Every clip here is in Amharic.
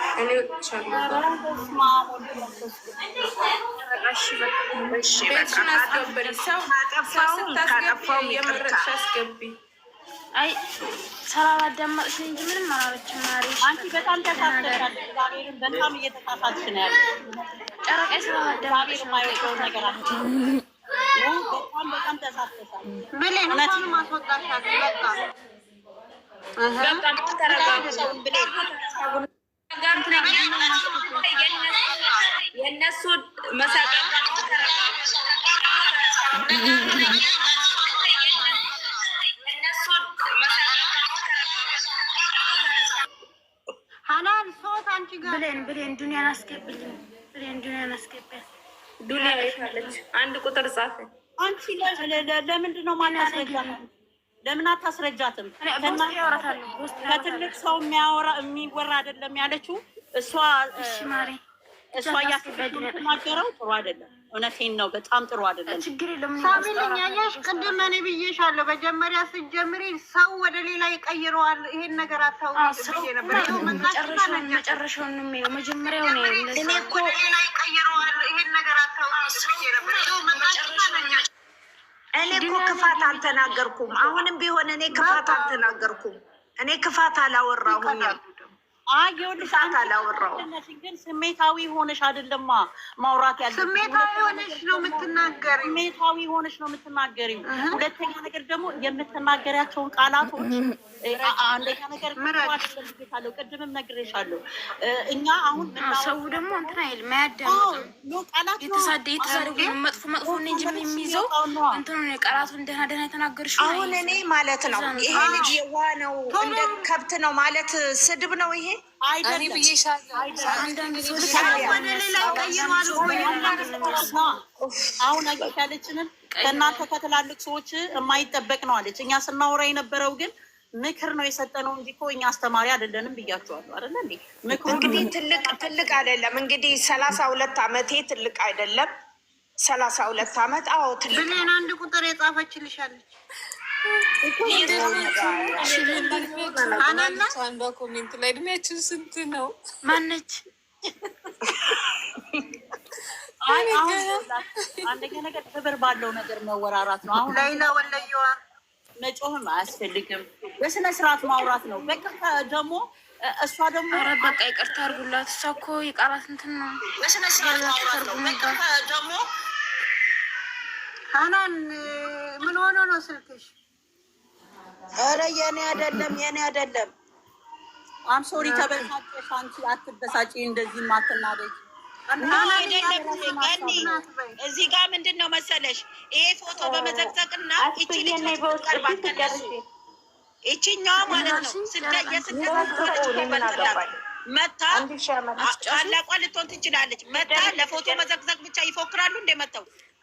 አይ ሰላም አዳመጥሽ እንጂ ምንም አላለችም። ማሪ አንቺ በጣም ተሳስተሻል። በጣም እየተሳሳትሽ ነው ያለው። የእነሱ ሀላል ሶት አንቺ ጋር ብሌን ብሌን ዱኒያን አስገብልኝ። ብሌን ዱኒያን አስገብልኝ። ዱኒያ የት አለች? አንድ ቁጥር ጻፈ። አንቺ ለምንድን ነው ማን ለምን አታስረጃትም? ከትልቅ ሰው የሚያወራ የሚወራ አይደለም ያለችው እሷ እሷ እያስገናገረው ጥሩ አይደለም። እውነቴን ነው። በጣም ጥሩ አይደለም። ሳሚልኛያሽ ቅድም እኔ ብዬሻለሁ። መጀመሪያ ስትጀምሪ ሰው ወደ ሌላ ይቀይረዋል። ይሄን ነገር አታው መጨረሻውን ነው የሚለው መጀመሪያው ነው ሌላ ይቀይረዋል አልተናገርኩም። አሁንም ቢሆን እኔ ክፋት አልተናገርኩም። እኔ ክፋት አላወራሁም። ግን ስሜታዊ ሆነሽ አይደለማ ማውራት ያለ ስሜታዊ ሆነሽ ነው የምትናገሪው። ስሜታዊ ሆነሽ ነው ሁለተኛ ነገር ደግሞ የምትናገሪያቸውን ቃላቶች አንደኛ ነገር ምራለው፣ ቅድምም ነግሬሻለሁ። እኛ አሁን ሰው ደግሞ እንትን አይል ቃላት መጥፎ መጥፎ እንጂ የሚይዘው እንትኑ ቃላቱ ደህና ደህና የተናገርሽ አሁን እኔ ማለት ነው ይሄ ልጅ የዋ ነው እንደ ከብት ነው ማለት ስድብ ነው ይሄ አሁን አጌት ያለችንን ከእናንተ ከትላልቅ ሰዎች የማይጠበቅ ነው አለች። እኛ ስናወራ የነበረው ግን ምክር ነው የሰጠነው እንጂ እኮ እኛ አስተማሪ አይደለንም ብያቸዋለሁ። አይደለ እንዴ? ምክሩ እንግዲህ ትልቅ ትልቅ አይደለም እንግዲህ ሰላሳ ሁለት አመቴ ትልቅ አይደለም። ሰላሳ ሁለት አመት አዎ፣ ትልቅ ብሌን አንድ ቁጥር የጻፈችልሻለች በኮሜንት ላይ እድሜያችን ስንት ነው? ማነች? አንደኛ ነገር ክብር ባለው ነገር መወራራት ነው። አሁን ላይ ወለየዋ መጮህም አያስፈልግም። በስነ ስርዓት ማውራት ነው። በቅርታ ደግሞ እሷ ደግሞ በቃ ይቅርታ አድርጉላት። እሷ እኮ የቃላት እንትን ነው። በስነ ስርዓት ማውራት ነው። ደግሞ ሀናን ምን ሆኖ ነው ስልክሽ? ኧረ የኔ አይደለም የኔ አይደለም። አም ሶሪ ተበሳጨሽ አንቺ አትበሳጪ፣ እንደዚህ ማትናደጅ እዚህ ጋር ምንድን ነው መሰለሽ ይሄ ፎቶ በመዘቅዘቅና እቺ ልጅ ቀርባት ማለት ነው መታ ታላቋ ልትሆን ትችላለች። መታ ለፎቶ መዘቅዘቅ ብቻ ይፎክራሉ እንደ መተው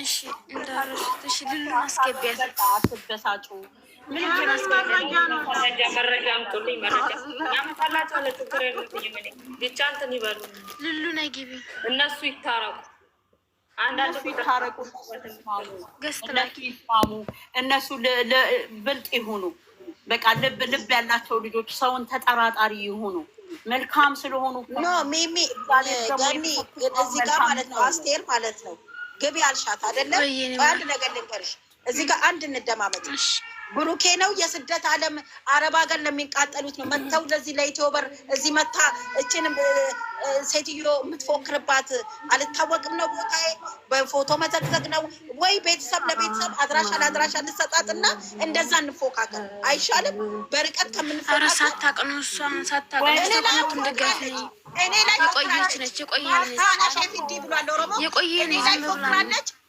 እሺ እንዳረሱት እሺ ልሉ ማስገቢያ አትበሳጩ። ምን መረጃ ልሉ ነይ ግቢ። እነሱ ይታረቁ። አንዳንድ ይታረቁ። እነሱ ይስማሙ። እነሱ ብልጥ ይሁኑ። በቃ ልብ ልብ ያላቸው ልጆች ሰውን ተጠራጣሪ ይሁኑ። መልካም ስለሆኑ ኖ ሚሚ ገኒ እዚህ ጋር ማለት ነው አስቴር ማለት ነው ግቢ አልሻት አይደለም። አንድ ነገር ልንገርሽ፣ እዚህ ጋር አንድ እንደማመጥ ብሩኬ ነው የስደት ዓለም አረብ ሀገር ለሚቃጠሉት ነው መጥተው ለዚህ ለኢትዮበር እዚህ መታ እችን ሴትዮ የምትፎክርባት አልታወቅም ነው ቦታ በፎቶ መዘግዘግ ነው ወይ ቤተሰብ ለቤተሰብ አድራሻ ለአድራሻ እንሰጣት እና እንደዛ እንፎካከል አይሻልም? በርቀት ከምንፎካከር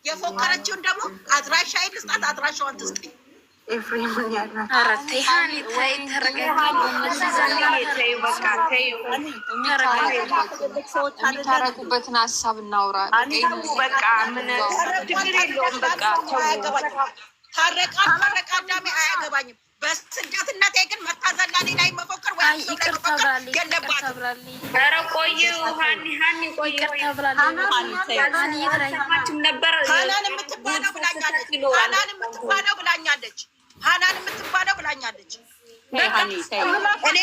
የፎከረችውን ደግሞ አድራሻ ይልስጣት አድራሻዋን ትስጠኝ። የምታረጉበትን ሀሳብ እናውራ። በቃ ምን ችግር የለውም። በቃ ታረቃ ታረቃ ዳሜ አያገባኝም። በስደት ግን መታዘላኔ ላይ መፎከር ወይ ቆይ ሀኒ ሀኒ ቆይ ነበር የምትባለው ብላኛለች። ሀናን የምትባለው ብላኛለች። ሀናን የምትባለው ብላኛለች። እኔ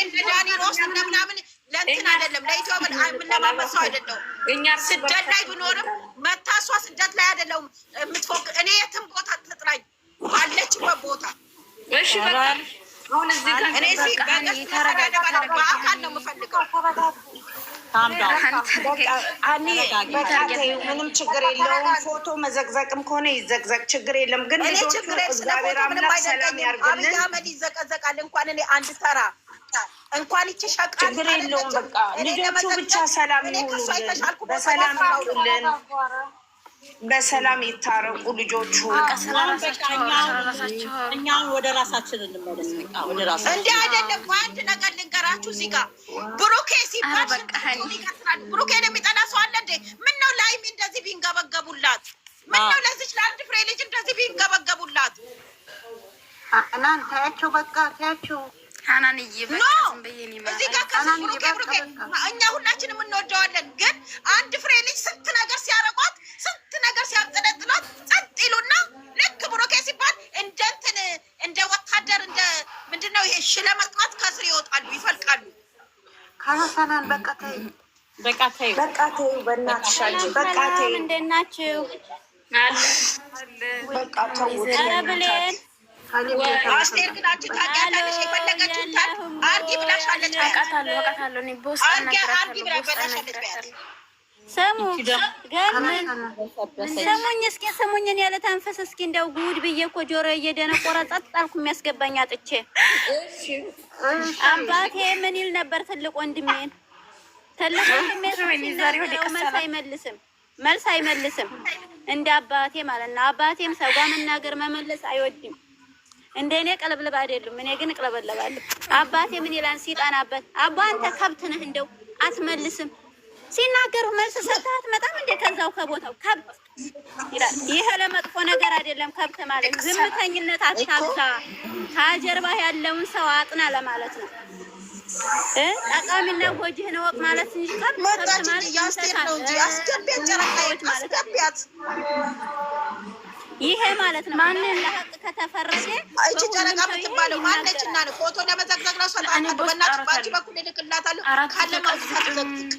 እንደ ዳኒ ሮስ እንደ ምናምን ለእንትን አይደለም ለኢትዮጵያ የምለማመድ ሰው ስደት ላይ ብኖርም መታሷ ስደት ላይ አይደለሁም የምትፎክር። እኔ የትም ቦታ ትጥራኝ ባለችበት ቦታ እኔ በአካል ነው የምፈልገው ምንም ችግር የለውም። ፎቶ መዘግዘቅም ከሆነ ይዘግዘቅ፣ ችግር የለም። ግን እግዚአብሔር ሰላም ያርግልን። አህመድ ይዘቀዘቃል። እንኳን እኔ አንድ ተራ እንኳን ይቺ ሸቃል ችግር የለውም። በቃ ልጆቹ ብቻ ሰላም ይሁኑልን፣ በሰላም ይሁኑልን። በሰላም ይታረቁ ልጆቹ። እኛም ወደ ራሳችን እንመለስ። እንዲ አይደለም። አንድ ነገር ልንገራችሁ እዚህ ጋር ብሩኬ ሲባል ብሩኬን የሚጠላ ሰው አለ እንዴ? ምን ነው ላይሚ እንደዚህ ቢንገበገቡላት? ምን ነው ለዚች ለአንድ ፍሬ ልጅ እንደዚህ ቢንገበገቡላት? አናን ታያቸው፣ በቃ ታያቸው። እዚህ ጋር ከዚህ ከብሩኬ እኛ ሁላችንም እንወደዋለን፣ ግን አንድ ፍሬ ልጅ ሰናን በቃ ተይው፣ በቃ ተይው፣ በቃ ተይው፣ በእናትሽ በቃ ናችሁ? በቃ ተው አስቴር ግን አንቺ ታውቂያታለሽ። የፈለገችውን አድርጊ ብላሻለች። ስሙኝ እስኪ ስሙኝን ያለ ታንፈስ እስኪ እንደው ጉድ ብዬ እኮ ጆሮ እየደነቆረ ጸጥ አልኩ። የሚያስገባኝ አጥቼ አባቴ ምን ይል ነበር? ትልቅ ወንድሜን ትልቅ ወንድሜን መልስ አይመልስም፣ መልስ አይመልስም። እንደ አባቴ ማለት ነው። አባቴም ሰው መናገር መመለስ አይወድም። እንደ እኔ ቀለብለብ አይደሉም። እኔ ግን እቅለበለባለሁ። አባቴ ምን ይላል? ሲጠናበት አባ አንተ ከብት ነህ እንደው አትመልስም ሲናገሩ መልስ ሰጣት። መጣም እንደ ከዛው ከቦታው ከብት ይላል። ይሄ ለመጥፎ ነገር አይደለም። ከብት ማለት ዝምተኝነት አታብዛ፣ ከጀርባ ያለውን ሰው አጥና ለማለት ነው። እ ጠቃሚና ነው ወቅ ማለት እንጂ ከብት ማለት ያስገቢያት ይሄ ማለት ነው። ማንን ለሀቅ ከተፈረጀ እቺ ጨረቃ ምትባለው ማነች? እና ፎቶ ለመዘግዘግ ራሷ በእናቱ በአንቺ በኩል ይልክላታል ካለ ማውጣት ዘግዝግ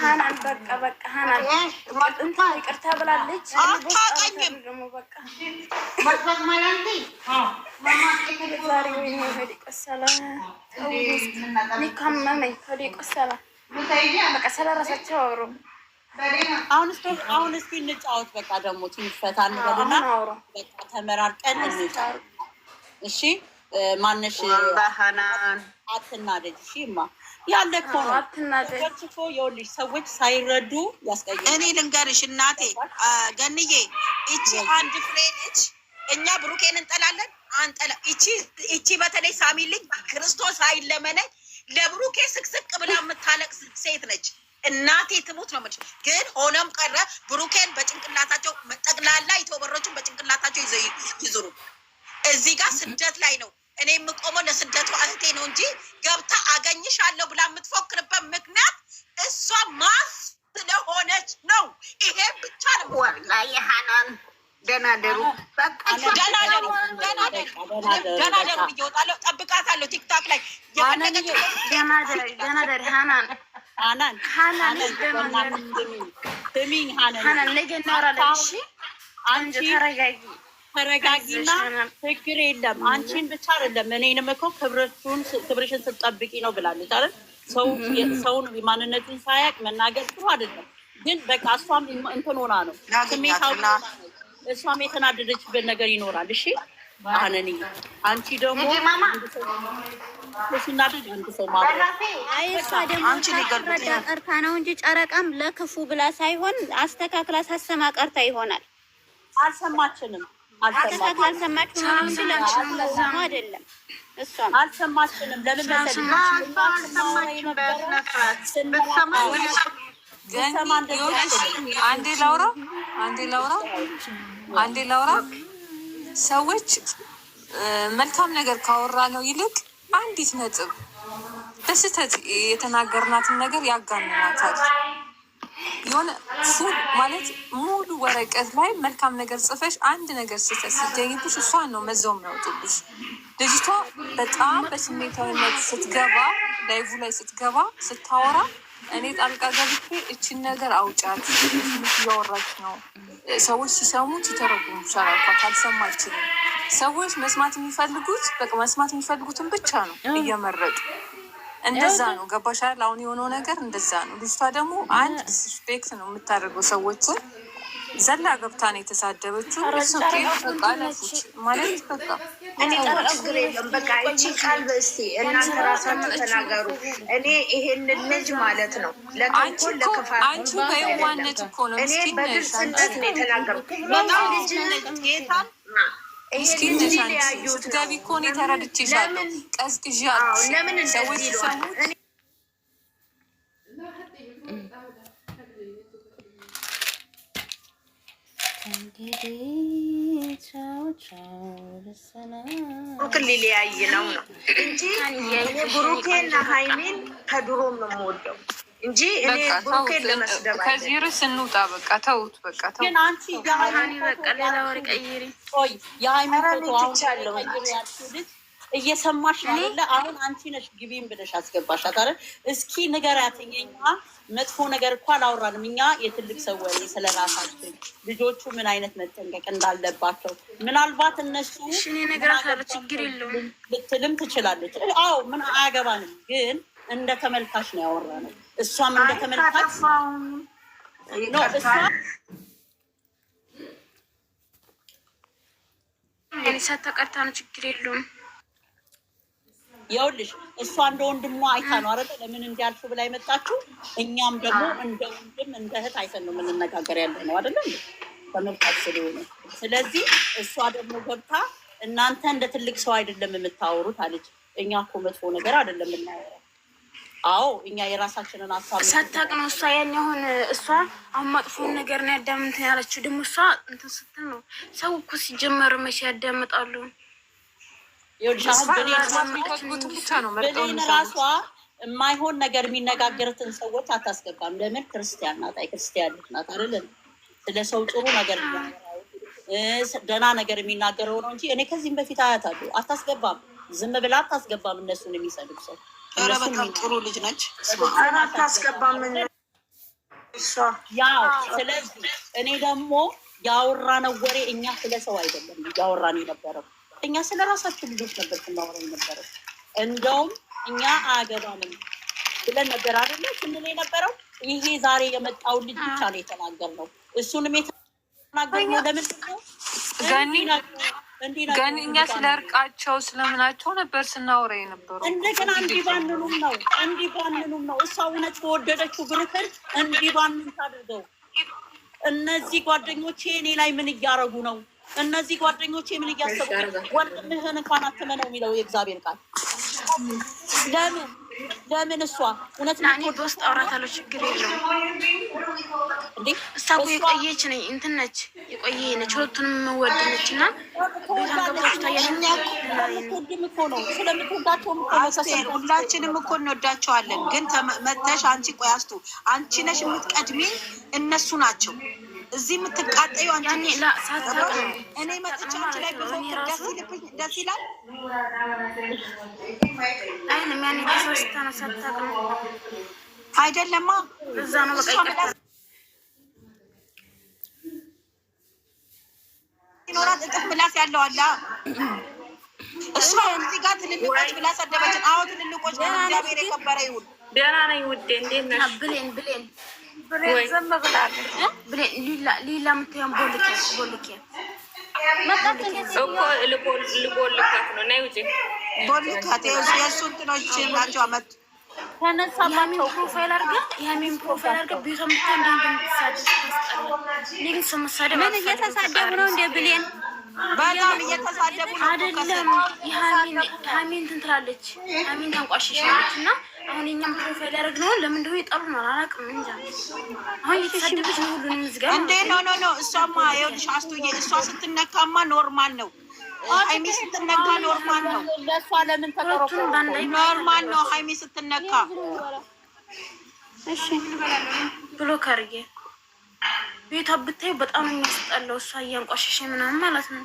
ሀናን በቃ በቃ ሀናን እንትን ይቅርታ ብላለች። ስለራሳቸው አውሩ። አሁን እስኪ አሁን እስኪ እንጫወት። በቃ ደግሞ ትንሽ ፈታ እንበልና በቃ ተመራርቀን እንጫወት። እሺ ማነሽ አትናደጅ እሺ ማ ያለ እኮ ነው። ሰዎች ሳይረዱ እኔ ልንገርሽ እናቴ ገንዬ፣ እቺ አንድ ፍሬ እኛ ብሩኬን እንጠላለን አንጠላ። እቺ በተለይ ሳሚ ክርስቶስ አይለመነኝ ለብሩኬ ስቅስቅ ብላ የምታለቅስ ሴት ነች። እናቴ ትሙት ነው የምልሽ። ግን ሆነም ቀረ ብሩኬን በጭንቅላታቸው ኢትዮበሮችን በጭንቅላታቸው እዚህ ጋር ስደት ላይ ነው እኔ የምቆመው ለስደቱ እህቴ ነው እንጂ ገብታ አገኝሻለሁ ብላ የምትፎክርበት ምክንያት እሷ ማስ ስለሆነች ነው። ይሄ ብቻ ነው። ወላሂ ሀናን ደህና ደሩ፣ ደህና ደሩ፣ ደህና ደሩ እየወጣለሁ፣ ጠብቃታለሁ። ቲክታክ ላይ ደህና ደሪ ሀናን ሀናን ሀናን ነገ እናወራለን። እሺ አንቺ ተረጋጊ። ተረጋጊና ችግር የለም። አንቺን ብቻ አይደለም እኔንም እኮ ክብርሽን ስጠብቂ ነው ብላለች አይደል? ሰውን ማንነቱን ሳያቅ መናገር ጥሩ አይደለም። ግን በቃ እሷም እንትን ሆና ነው እሷም የተናደደችበት ነገር ይኖራል። እሺ አነኒ አንቺ ደግሞ ቀርታ ነው እንጂ ጨረቃም ለክፉ ብላ ሳይሆን አስተካክላ ሳሰማ ቀርታ ይሆናል። አልሰማችንም። አልሰማችሁም። ለምን አንዴ ላውራ፣ አንዴ ላውራ፣ አንዴ ላውራ። ሰዎች መልካም ነገር ካወራ ነው ይልቅ አንዲት ነጥብ በስህተት የተናገርናትን ነገር ያጋንናታል። የሆነ ፉል ማለት ሙሉ ወረቀት ላይ መልካም ነገር ጽፈሽ አንድ ነገር ስህተት ሲገኝብሽ እሷን ነው መዘው የሚያወጡብሽ። ልጅቷ በጣም በስሜታዊነት ስትገባ፣ ላይቭ ላይ ስትገባ ስታወራ እኔ ጣልቃ ገብቼ እችን ነገር አውጫት እያወራች ነው ሰዎች ሲሰሙ ሲተረጉሙ ካልሰማ አልችልም። ሰዎች መስማት የሚፈልጉት በቃ መስማት የሚፈልጉትን ብቻ ነው እየመረጡ እንደዛ ነው። ገባሻል? አሁን የሆነው ነገር እንደዛ ነው። ልጅቷ ደግሞ አንድ ዲስሪስፔክት ነው የምታደርገው ሰዎችን ዘላ ገብታ ነው የተሳደበችው። ማለት በቃ እኔ ችግር የለም። በቃ እቺ ቃል በስቲ እናንተ ራሳችሁ ተናገሩ። እኔ ይሄንን ልጅ ማለት ነው ለተንኮል ለክፋት እኔ በግልጽነት ነው የተናገሩ ልጅነት ጌታ ስትገቢ እኮ እኔ ተረድቼሻለሁ። ቀዝቅዣለሁ። ሰዎች ሊለያይ ነው ነው እንጂ ብሩኬና ሀይሜን ከድሮም ነው የምወደው እንጂ እኔ ብሩኬን ለመስደብ ከዚህ ርዕስ እንውጣ። በቃ ተውት፣ በቃ ተውት። ግን አንቺ በቃ ሌላ ወሬ ቀይሪ። ቆይ እየሰማሽ አይደለ? አሁን አንቺ ነሽ ግቢን ብለሽ አስገባሻት አይደል? እስኪ ንገሪያት። እኛ መጥፎ ነገር እኮ አላወራንም። እኛ የትልቅ ሰው ወሬ ስለ ራሳችን ልጆቹ ምን አይነት መጠንቀቅ እንዳለባቸው ምናልባት እነሱ ችግር የለውም ልትልም ትችላለች። አዎ ምን አያገባንም ግን እንደ ተመልካች ነው ነው። እሷም እንደ ተመልካች እሷ ተቀርታ ነው ችግር የለውም። ይኸውልሽ እሷ እንደ ወንድሟ አይታ ነው አረ ለምን እንዲያልፉ ብላ የመጣችው። እኛም ደግሞ እንደ ወንድም እንደ እህት አይተን ነው የምንነጋገር ያለ ነው አደለ? ተመልካች ስለሆነ ስለዚህ እሷ ደግሞ ገብታ እናንተ እንደ ትልቅ ሰው አይደለም የምታወሩት አለች። እኛ እኮ መጥፎ ነገር አይደለም የምናወራው አዎ እኛ የራሳችንን ሀሳብ ሳታቅ ነው እሷ ያን ያሁን እሷ አማጥፎን ነገር ነው ያዳም እንትን ያለችው። ደግሞ እሷ እንትን ስትል ነው ሰው እኮ ሲጀመር መቼ ያዳምጣሉ? ብሌን ራሷ የማይሆን ነገር የሚነጋገርትን ሰዎች አታስገባም። ለምን? ክርስቲያን ናት። አይ ክርስቲያን ልጅ ናት አይደለም? ስለ ሰው ጥሩ ነገር ደህና ነገር የሚናገረው ነው እንጂ እኔ ከዚህም በፊት አያታለሁ። አታስገባም። ዝም ብላ አታስገባም እነሱን የሚሰልብ ሰው ኧረ በጣም ጥሩ ልጅ ነች። አታስገባም። ያው ስለዚህ እኔ ደግሞ ያወራነው ወሬ እኛ ስለ ሰው አይደለም ያወራን የነበረው እኛ ስለ ራሳችን ልጆች ነበር ስናወራ የነበረው። እንደውም እኛ አያገባንም ብለን ነበር አይደለ ስንል የነበረው። ይሄ ዛሬ የመጣውን ልጅ ብቻ ነው የተናገርነው። እሱንም የተናገርነው ለምንድን ነው ገኒ ግን እኛ ስለርቃቸው ስለምናቸው ነበር ስናወራ የነበሩ። እንደገና እንዲባንኑም ነው እንዲባንኑም ነው እሷ እውነት በወደደችው ብርክር እንዲባንን ታድርገው። እነዚህ ጓደኞቼ እኔ ላይ ምን እያረጉ ነው? እነዚህ ጓደኞቼ ምን እያሰቡ ወንድምህን እንኳን አትመነው የሚለው የእግዚአብሔር ቃል ለምን ለምን እሷ እውነት ናኔ በውስጥ አውራታለሁ። ችግር የለውም እንዴ እሷ እኮ የቆየች ነኝ እንትን ነች የቆየ ነች። ሁለቱንም መወድ ነች እና ሁላችንም እኮ እንወዳቸዋለን። ግን መተሽ አንቺ ቆያስቱ አንቺ ነሽ የምትቀድሚ እነሱ ናቸው እዚህ የምትቃጠዩ አንቺ እኔ መጥቼ አንቺ ላይ ብፎክር ደስ ይልብኝ ደስ ይላል። አይደለማ እዛ ነው ይኖራት እጥፍ ምላስ ያለው አለ እሷ እዚህ ጋር ትልልቆች ብላ ሰደበችን። አዎ ትልልቆች እግዚአብሔር የከበረ ይሁን። ደህና ነኝ ውዴ፣ እንዴት ነሽ? ብሌን ብሌን ሌላ የምታየውን እየተሳደቡ ነው? እንደ ብሌን በጣም እየተሳደቡ ነው። አይደለም ሀሚን እንትን ትላለች። ሀሚን ተንቋሽሻለች እና አሁን የኛም ፕሮፋይል ያደረግነውን ለምን እንደሆነ ይጠሩናል፣ አላውቅም እንጃ። አሁን እየተሰደበች ነው ሁሉንም ዝጋ እንዴ! ኖ ኖ ኖ፣ እሷማ ይኸውልሽ፣ አስቱዬ እሷ ስትነካማ ኖርማል ነው። ሀይሚ ስትነካ ኖርማል ነው። ለእሷ ለምን ተቆረቆ ኖርማል ነው። ሀይሚ ስትነካ እሺ ብሎ ከርዬ ቤቷ ብታይ በጣም የሚያስጠላው እሷ እያንቋሸሸ ምናምን ማለት ነው።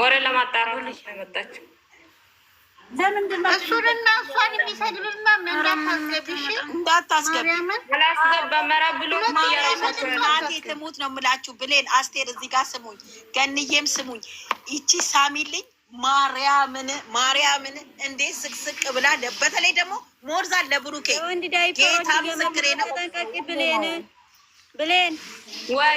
ወሬ ለማጣራት ልጅ እሱንና እሷን የሚሰድብና ትሙት ነው የምላችሁ። ብሌን አስቴር፣ እዚህ ጋር ስሙኝ፣ ገንዬም ስሙኝ። ይቺ ሳሚልኝ ማርያምን ማርያምን እንዴት ስቅስቅ ብላ በተለይ ደግሞ ሞርዛን ለብሩኬ ጌታ ምስክሬ ነው ብሌን ብሌን ወይ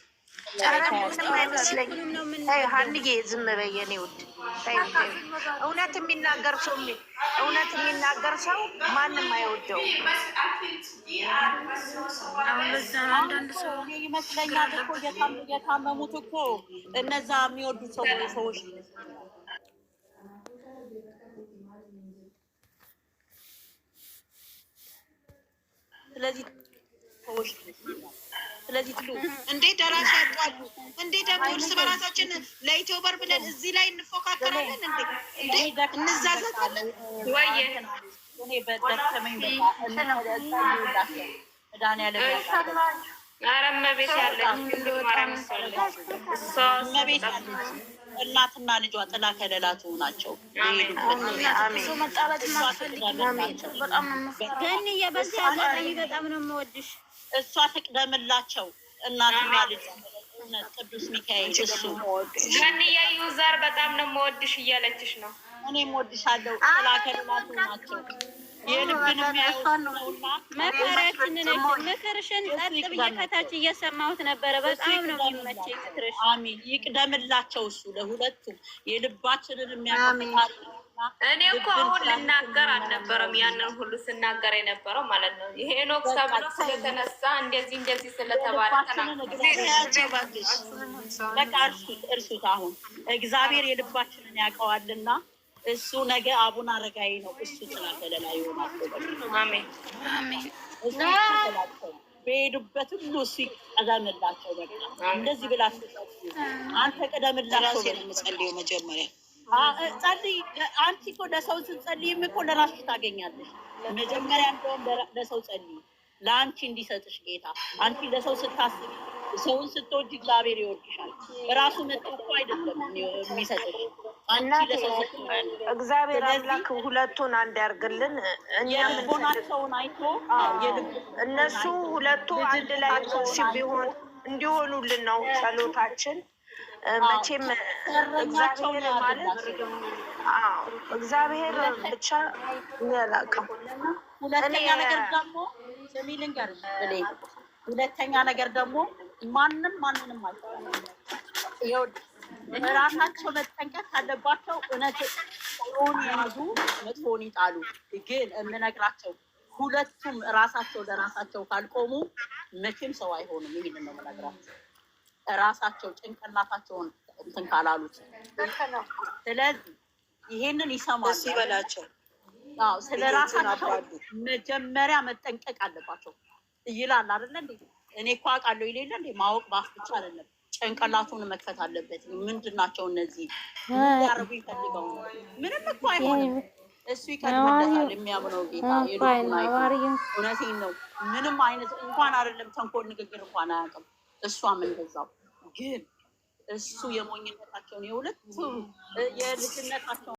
ሀንጌ ዝም በይ የኔ ውድ። እውነት የሚናገር ሰው እውነት የሚናገር ሰው ማንም አይወደው ይመስለኛል እኮ የታመሙት እኮ እነዛ የሚወዱ ሰዎች ስለዚህ ሰዎች ስለዚህ ትሉ እንዴት ደራሽ ያጧሉ? እንዴት ደግሞ እርስ በራሳችን ለኢትዮበር ብለን እዚህ ላይ እንፎካከራለን እንዴ እንዴ እንዛዛታለን ወይ እኔ በደከመኝ እናትና ልጇ ጥላ ከለላቱ ናቸው። በጣም ነው የምወድሽ እሷ ትቅደምላቸው እናትና ልጅ ቅዱስ ሚካኤል እሱ ዛንያዩ ዛር በጣም ነው መወድሽ እያለችሽ ነው። እኔም ወድሻለሁ። ጥላከልማቱ ናቸው የልብን የሚያውነውና ምክርሽን ጸጥ ብዬ ከታች እየሰማሁት ነበረ። በጣም ነው የሚመቸኝ ምክርሽ። አሚን ይቅደምላቸው እሱ ለሁለቱም የልባችንን የሚያቀምታል እኔ እኮ አሁን ልናገር አልነበረም። ያንን ሁሉ ስናገር የነበረው ማለት ነው። ይሄ ኖክ ተብሎ ስለተነሳ እንደዚህ እንደዚህ ስለተባለ እርሱት። አሁን እግዚአብሔር የልባችንን ያውቀዋልና እሱ ነገ አቡነ አረጋዊ ነው። እሱ ስላተለላ ይሆናል። በሄዱበት ሁሉ እሱ ይቀደምላቸው። በቃ እንደዚህ ብላ አንተ ቅደምላቸው ነው የምጸልየው መጀመሪያ ጸልይ። አንቺ እኮ ለሰው ስትጸልይም እኮ ለራስሽ ታገኛለሽ። መጀመሪያ እንደውም ለሰው ጸልይ፣ ለአንቺ እንዲሰጥሽ ጌታ። አንቺ ለሰው ስታስብ፣ ሰውን ስትወድ እግዚአብሔር ይወድሻል። እራሱ መጥቶ እኮ አይደለም የሚሰጥሽ። እግዚአብሔር አምላክ ሁለቱን አንድ ያርግልን። የልቦናቸውን አይቶ እነሱ ሁለቱ አንድ ላይ እንዲሆኑልን ነው ጸሎታችን። መቼም እግዚአብሔር ማለት እግዚአብሔር ብቻ ያላቀው። ሁለተኛ ነገር ደግሞ ስሚ ልንገር፣ ሁለተኛ ነገር ደግሞ ማንም ማንንም አይ ራሳቸው መጠንቀቅ ካለባቸው እውነት ሆን የያዙ መጥፎን ይጣሉ። ግን የምነግራቸው ሁለቱም ራሳቸው ለራሳቸው ካልቆሙ መቼም ሰው አይሆኑም። ይህንን ነው የምነግራቸው። ራሳቸው ጭንቅላታቸውን እንትን ካላሉት፣ ስለዚህ ይሄንን ይሰማል ይበላቸው። ስለ ራሳቸው መጀመሪያ መጠንቀቅ አለባቸው ይላል አይደለ እንዴ? እኔ እኮ አውቃለሁ ይሌለ እንዴ? ማወቅ ባፍ ብቻ አይደለም ጭንቅላቱን መክፈት አለበት። ምንድን ናቸው እነዚህ ያርጉ ይፈልገው ነው። ምንም እኮ አይሆንም። እሱ ይቀድመለታል የሚያምነው ጌታ። እውነቴን ነው። ምንም አይነት እንኳን አይደለም ተንኮል ንግግር እንኳን አያውቅም። እሷም እንደዛው ግን እሱ የሞኝነታቸውን የሁለቱ የልጅነታቸውን